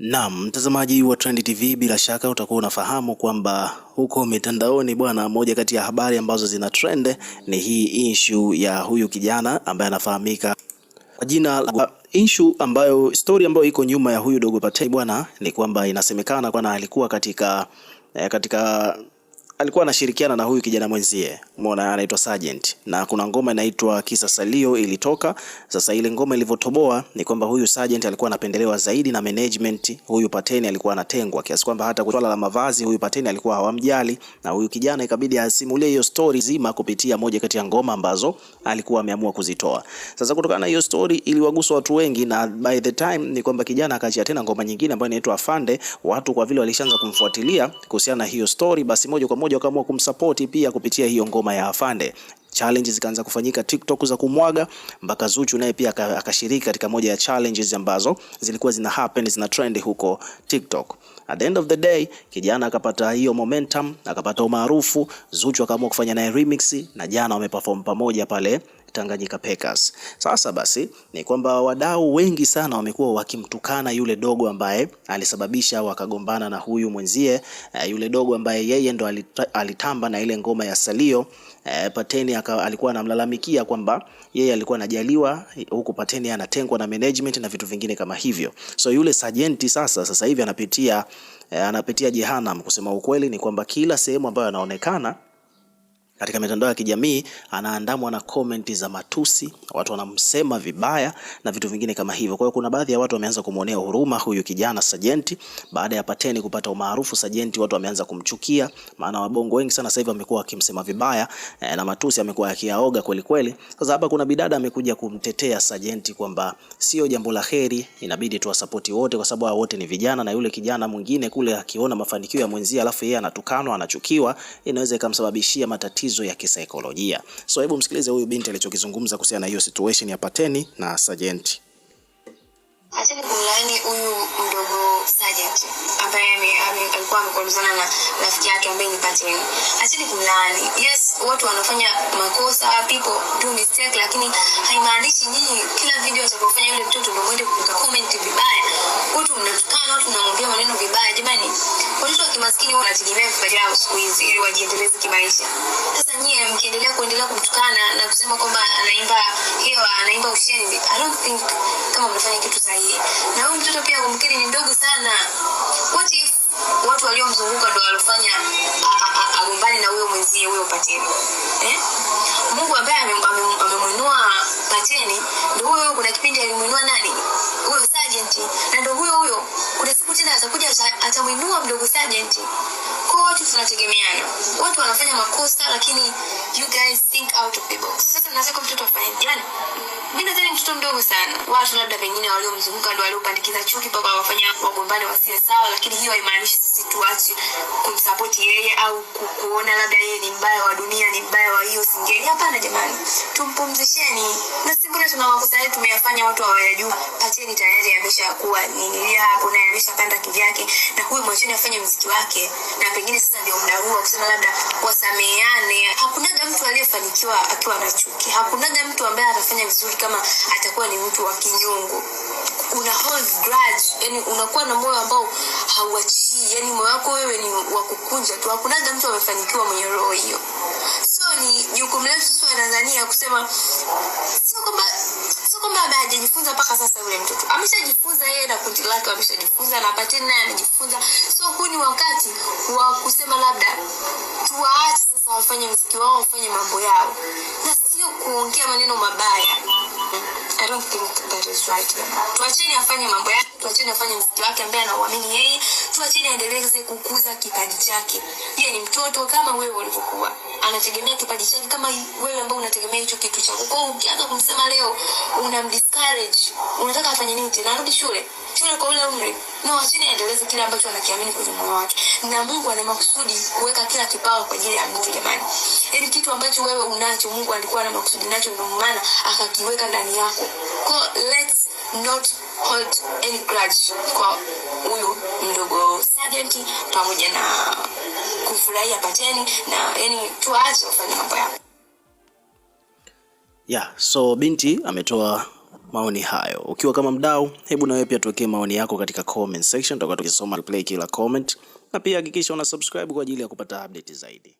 Naam, mtazamaji wa Trend TV, bila shaka utakuwa unafahamu kwamba huko mitandaoni bwana, moja kati ya habari ambazo zina trend ni hii issue ya huyu kijana ambaye anafahamika kwa jina la issue ambayo story ambayo iko nyuma ya huyu Dogo Paten bwana, ni kwamba inasemekana kwamba alikuwa katika eh, katika alikuwa anashirikiana na huyu kijana mwenzie, umeona, anaitwa Sergeant, na kuna ngoma inaitwa Kisa Salio ilitoka. Sasa ile ngoma ilivyotoboa ni kwamba huyu Sergeant alikuwa anapendelewa zaidi na management, huyu Pateni alikuwa anatengwa, kiasi kwamba hata swala la mavazi huyu Pateni alikuwa hawamjali, na huyu kijana ikabidi asimulie hiyo story zima kupitia moja kati ya ngoma ambazo alikuwa ameamua kuzitoa. Sasa kutokana na hiyo story iliwagusa watu wengi, na by the time ni kwamba kijana akaachia tena ngoma nyingine ambayo inaitwa Afande. Watu kwa vile walishaanza kumfuatilia kuhusiana na hiyo story, basi moja kwa moja pamoja wakaamua kumsapoti pia kupitia hiyo ngoma ya Afande. Challenges zikaanza kufanyika TikTok za kumwaga mpaka Zuchu naye pia akashiriki katika moja ya challenges ambazo zilikuwa zina happen zina trend huko TikTok. At the end of the day, kijana akapata hiyo momentum, akapata umaarufu. Zuchu akaamua kufanya naye remix na jana wameperform pamoja pale Tanganyika Packers. Sasa basi ni kwamba wadau wengi sana wamekuwa wakimtukana yule dogo ambaye alisababisha wakagombana na huyu mwenzie, eh, yule dogo ambaye yeye ndo alitamba na ile ngoma ya Salio. Eh, Pateni alikuwa anamlalamikia kwamba yeye alikuwa anajaliwa huku Pateni anatengwa na management na vitu vingine kama hivyo. So yule sajenti sasa sasa hivi anapitia eh, anapitia jehanamu. Kusema ukweli ni kwamba kila sehemu ambayo anaonekana katika mitandao ya kijamii anaandamwa na komenti za matusi, watu wanamsema vibaya na vitu vingine kama hivyo. Kwa hiyo kuna baadhi ya watu wameanza kumwonea huruma huyu kijana Sajenti. Baada ya Pateni kupata umaarufu, Sajenti watu wameanza kumchukia, maana wabongo wengi sana sasa hivi wamekuwa wakimsema vibaya e, na matusi amekuwa yakiaoga kweli kweli. Sasa hapa kuna bidada amekuja kumtetea Sajenti kwamba sio jambo la heri, inabidi tuwasapoti wote kwa sababu wote ni vijana, na yule kijana mwingine kule akiona mafanikio ya mwenzie alafu yeye anatukanwa, anachukiwa, inaweza ikamsababishia matatizo matatizo ya kisaikolojia. So hebu msikilize huyu binti alichokizungumza kuhusiana na hiyo situation ya Pateni na Sajenti. Acheni kumlaani huyu mdogo Sergeant ambaye alikuwa amekoruzana na rafiki yake ambaye ni Pateni. Acheni kumlaani. Yes, watu wanafanya makosa, people do mistake, lakini haimaanishi nyinyi kila video atakofanya yule mtoto ndio mwende kucomment vibaya. Watu mnatukana, watu mnamwambia maneno vibaya. Jamani, Watoto wa kimaskini wanategemea vipaji siku hizi ili wajiendeleze kimaisha. Sasa nyie mkiendelea kuendelea kumtukana na kusema kwamba anaimba hewa, anaimba ushenzi, I don't think kama mnafanya kitu sahihi. Na huyu mtoto pia kumkiri ni mdogo sana. What if watu waliomzunguka ndo walofanya agombani na huyo mwenzie huyo patini? Eh? kumuinua mdogo Sergeant. Kwa watu tunategemeana, watu wanafanya makosa, lakini you guys think out of the box. Sasa nataka mtoto afanye gani? Mimi nadhani mtoto mdogo sana, watu labda pengine waliomzunguka ndio waliopandikiza chuki baba wafanya wagombane wasiwe sawa, lakini hiyo haimaanishi sisi tuache kumsupport yeye au kuona labda yeye ni mbaya wa dunia, ni mbaya wa hiyo singeni Hapana jamani, tumpumzisheni na sisi bora tuna makosa yetu tumeyafanya, watu hawayajui. pateni tayari ameshakuwa nini hapo, na ameshapanda kivyake huyu mwacheni afanye mziki wake na pengine sasa ndio muda huu kusema labda wasameane hakunaga mtu aliyefanikiwa akiwa na chuki hakunaga mtu ambaye atafanya vizuri kama atakuwa ni mtu wa kinyungu una hold grudge yani unakuwa na moyo ambao hauachii yani moyo wako wewe ni wa kukunja tu hakunaga mtu amefanikiwa mwenye roho hiyo so ni jukumu letu sisi wa tanzania kusema sio kwamba kwamba hajajifunza mpaka sasa. Yule mtoto ameshajifunza, yeye na kundi lake wameshajifunza, na patini naye amejifunza. So huu ni wakati wa kusema labda tuwaache sasa wafanye mziki wao, wafanye mambo yao, na sio kuongea maneno mabaya. Hmm. I don't think that is right. Tuacheni afanye mambo yake, tuacheni afanye mziki wake ambaye anauamini yeye mtu wa chini aendeleze kukuza kipaji chake. Je, ni mtoto kama wewe ulivyokuwa, anategemea kipaji chake kama wewe ambao unategemea hicho kitu chako. Kwa hiyo ukianza kumsema leo unamdiscourage, unataka afanye nini tena? Arudi shule shule kwa ule umri? No, achini aendeleze kile ambacho anakiamini kwenye moyo wake, na Mungu ana makusudi kuweka kila kipawa kwa ajili ya mtu jamani. Yaani kitu ambacho wewe unacho Mungu alikuwa na makusudi nacho, ndio maana akakiweka ndani yako. Kwa let's not hold any grudge kwa huyu mdogo sergeant pamoja na kufurahia pateni na yani tuache ufanye mambo yao yeah, so binti ametoa maoni hayo. Ukiwa kama mdau, hebu na wewe pia tuwekee maoni yako katika comment section, tutakuwa tukisoma, reply kila comment, na pia hakikisha una subscribe kwa ajili ya kupata update zaidi.